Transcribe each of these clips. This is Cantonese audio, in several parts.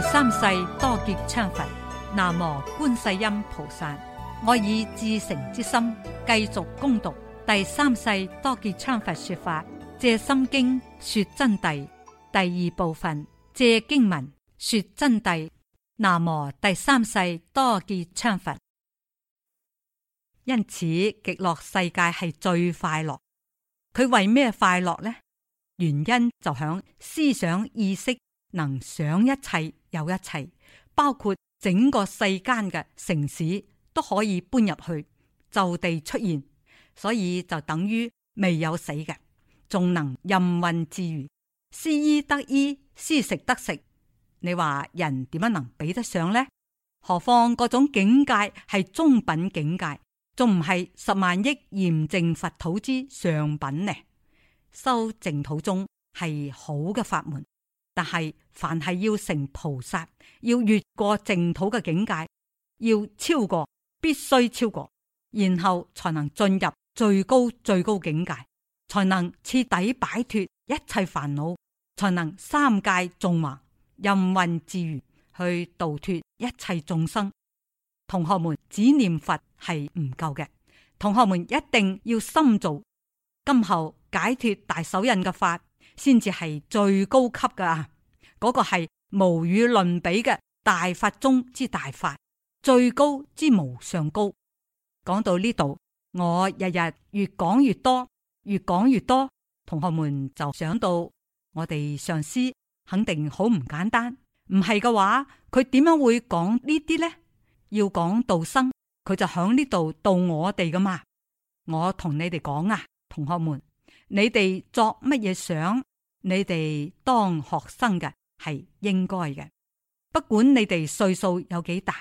第三世多杰羌佛，南無觀世音菩薩。我以至誠之心繼續攻讀第三世多杰羌佛說法，藉心經說真諦，第二部分，藉經文說真諦。南無第三世多杰羌佛。因此極樂世界係最快樂，佢為咩快樂呢？原因就響思想意識。能想一切有一切，包括整個世間嘅城市都可以搬入去就地出現，所以就等於未有死嘅，仲能任運自如，思衣得衣，思食得食。你話人點樣能比得上呢？何況嗰種境界係中品境界，仲唔係十萬億嚴淨佛土之上品呢？修淨土宗係好嘅法門。但係，凡係要成菩薩，要越過淨土嘅境界，要超過，必須超過，然後才能進入最高最高境界，才能徹底擺脫一切煩惱，才能三界縱橫任運自如去度脫一切眾生。同學們只念佛係唔夠嘅，同學們一定要深造，今後解脫大手印嘅法。先至係最高級噶，啊，嗰、那個係無與倫比嘅大法中之大法，最高之無上高。講到呢度，我日日越講越多，越講越多，同學們就想到我哋上司肯定好唔簡單，唔係嘅話，佢點樣會講呢啲呢？要講道生，佢就響呢度道我哋噶嘛。我同你哋講啊，同學們，你哋作乜嘢想？你哋當學生嘅係應該嘅，不管你哋歲數有幾大，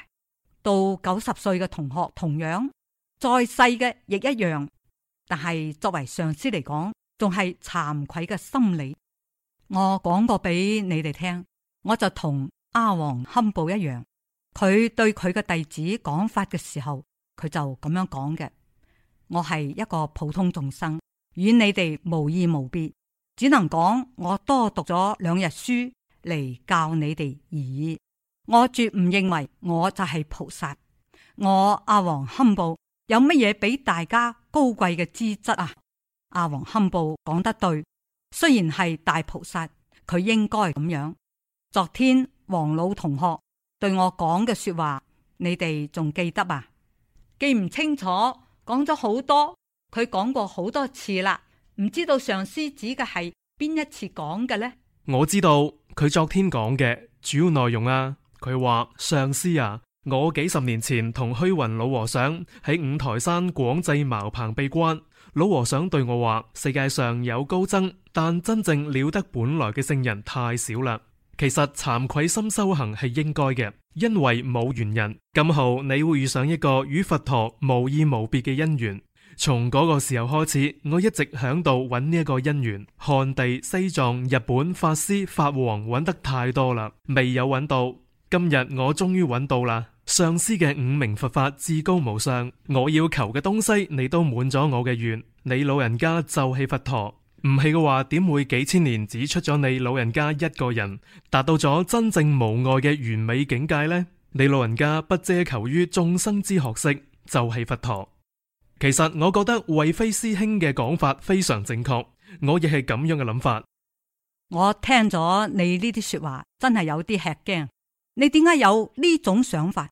到九十歲嘅同學同樣，再細嘅亦一樣。但係作為上司嚟講，仲係慚愧嘅心理。我講過俾你哋聽，我就同阿王堪布一樣，佢對佢嘅弟子講法嘅時候，佢就咁樣講嘅。我係一個普通眾生，與你哋無異無別。只能講我多讀咗兩日書嚟，教你哋而已。我絕唔認為我就係菩薩。我阿、啊、王堪布有乜嘢比大家高貴嘅資質啊？阿、啊、王堪布講得對，雖然係大菩薩，佢應該咁樣。昨天王老同學對我講嘅說話，你哋仲記得啊？記唔清楚，講咗好多，佢講過好多次啦。唔知道上師指嘅係邊一次講嘅呢？我知道佢昨天講嘅主要內容啊。佢話，上師啊，我幾十年前同虛雲老和尚喺五台山廣濟茅棚閉關，老和尚對我話：世界上有高僧，但真正了得本來嘅聖人太少啦。其實慚愧心修行係應該嘅，因為冇緣人。今後你會遇上一個與佛陀無異無別嘅因緣。從嗰個時候開始，我一直響度揾呢一個姻緣，漢地、西藏、日本法師、法王揾得太多啦，未有揾到。今日我終於揾到啦，上師嘅五明佛法至高無上，我要求嘅東西你都滿咗我嘅願。你老人家就係佛陀，唔係嘅話，點會幾千年只出咗你老人家一個人達到咗真正無礙嘅完美境界呢？你老人家不遮求於眾生之學識，就係佛陀。其實我覺得惠飛師兄嘅講法非常正確，我亦係咁樣嘅諗法。我聽咗你呢啲說話，真係有啲吃驚。你點解有呢種想法？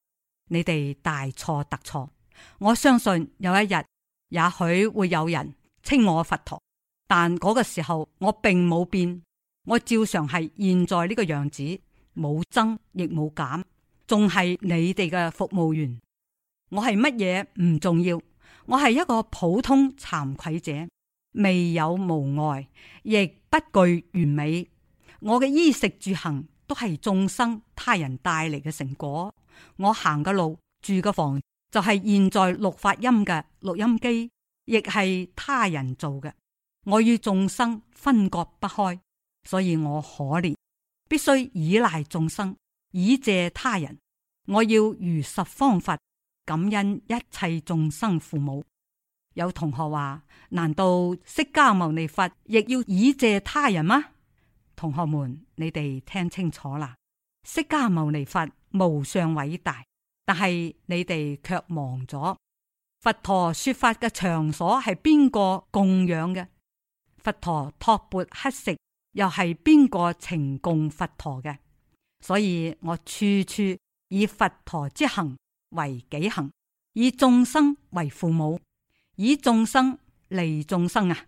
你哋大錯特錯。我相信有一日，也許會有人稱我佛陀，但嗰個時候我並冇變，我照常係現在呢個樣子，冇增亦冇減，仲係你哋嘅服務員。我係乜嘢唔重要。我係一個普通慚愧者，未有無礙，亦不具完美。我嘅衣食住行都係眾生他人帶嚟嘅成果。我行嘅路、住嘅房，就係、是、現在錄發音嘅錄音機，亦係他人做嘅。我與眾生分割不開，所以我可憐，必須依賴眾生，以借他人。我要如十方法。感恩一切眾生父母。有同學話：難道釋迦牟尼佛亦要以藉他人嗎？同學們，你哋聽清楚啦！釋迦牟尼佛無上偉大，但係你哋卻忘咗佛陀說法嘅場所係邊個供養嘅？佛陀托缽乞食又係邊個呈供佛陀嘅？所以我處處以佛陀之行，為己行，以眾生為父母，以眾生利眾生啊！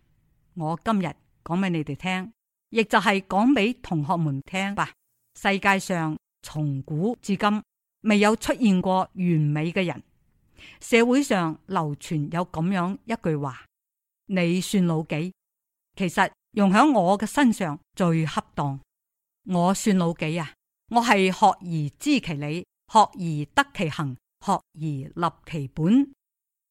我今日講俾你哋聽，亦就係講俾同學們聽吧。世界上從古至今未有出現過完美嘅人，社會上流傳有咁樣一句話：你算老幾？其實用響我嘅身上最恰當。我算老幾啊？我係學而知其理，學而得其行。學而立其本，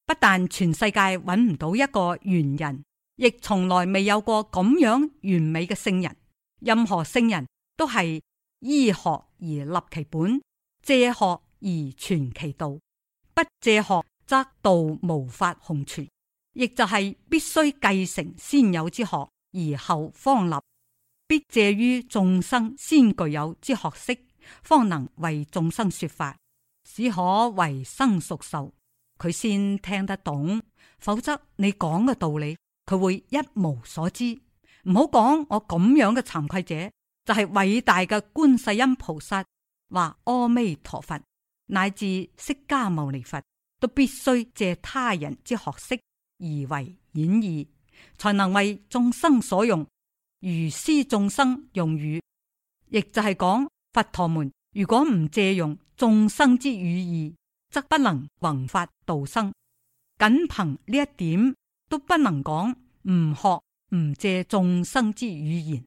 不但全世界揾唔到一個完人，亦從來未有過咁樣完美嘅聖人。任何聖人都係依學而立其本，借學而傳其道。不借學，則道無法共存。亦就係必須繼承先有之學，而後方立。必借於眾生先具有之學識，方能為眾生說法。只可為生熟受，佢先聽得懂，否則你講嘅道理，佢會一無所知。唔好講我咁樣嘅慚愧者，就係、是、偉大嘅觀世音菩薩，話阿彌陀佛，乃至釋迦牟尼佛，都必須借他人之學識而為演繹，才能為眾生所用，如斯眾生用語，亦就係講佛陀們如果唔借用，眾生之語義，則不能弘法度生。僅憑呢一點都不能講唔學唔借眾生之語言，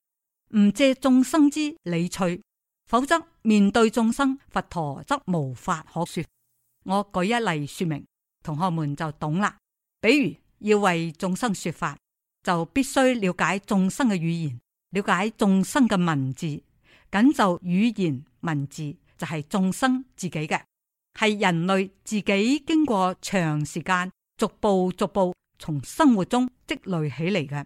唔借眾生之理趣，否則面對眾生，佛陀則無法可說。我舉一例說明，同學們就懂啦。比如要為眾生說法，就必須了解眾生嘅語言，了解眾生嘅文字，僅就語言文字。就係眾生自己嘅，係人類自己經過長時間逐步逐步從生活中積累起嚟嘅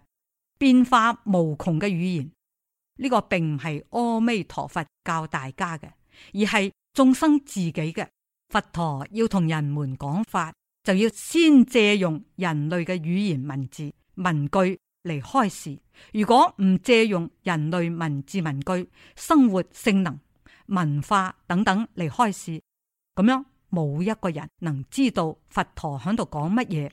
變化無窮嘅語言。呢、這個並唔係阿彌陀佛教大家嘅，而係眾生自己嘅。佛陀要同人們講法，就要先借用人類嘅語言文字文句嚟開示。如果唔借用人類文字文句，生活性能。文化等等嚟開示，咁樣冇一個人能知道佛陀喺度講乜嘢。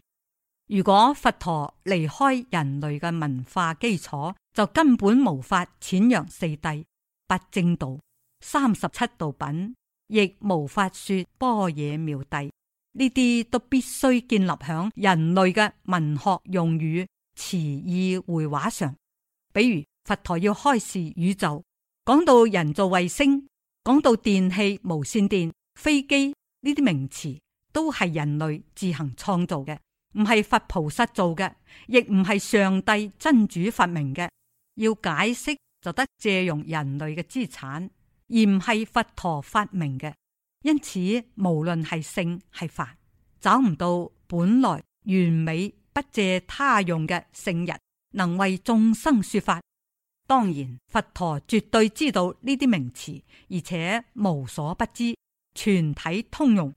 如果佛陀離開人類嘅文化基礎，就根本無法宣揚四諦、八正道、三十七道品，亦無法說般若妙諦。呢啲都必須建立響人類嘅文學用語、詞意繪畫上。比如佛陀要開示宇宙，講到人造衛星。講到電器、無線電、飛機呢啲名詞，都係人類自行創造嘅，唔係佛菩薩做嘅，亦唔係上帝真主發明嘅。要解釋就得借用人類嘅資產，而唔係佛陀發明嘅。因此，無論係聖係凡，找唔到本來完美不借他用嘅聖人，能為眾生說法。當然，佛陀絕對知道呢啲名詞，而且無所不知，全體通用。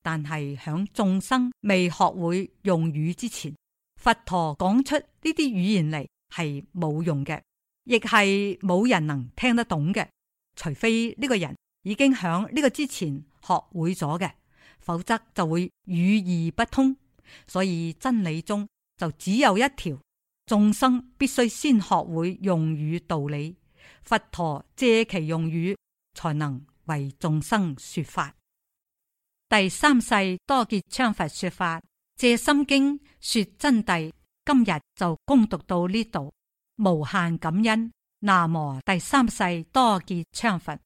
但係響眾生未學會用語之前，佛陀講出呢啲語言嚟係冇用嘅，亦係冇人能聽得懂嘅。除非呢個人已經響呢個之前學會咗嘅，否則就會語義不通。所以真理中就只有一條。眾生必須先學會用語道理，佛陀借其用語，才能為眾生說法。第三世多杰羌佛說法，借心經說真諦。今日就恭讀到呢度，無限感恩。南無第三世多杰羌佛。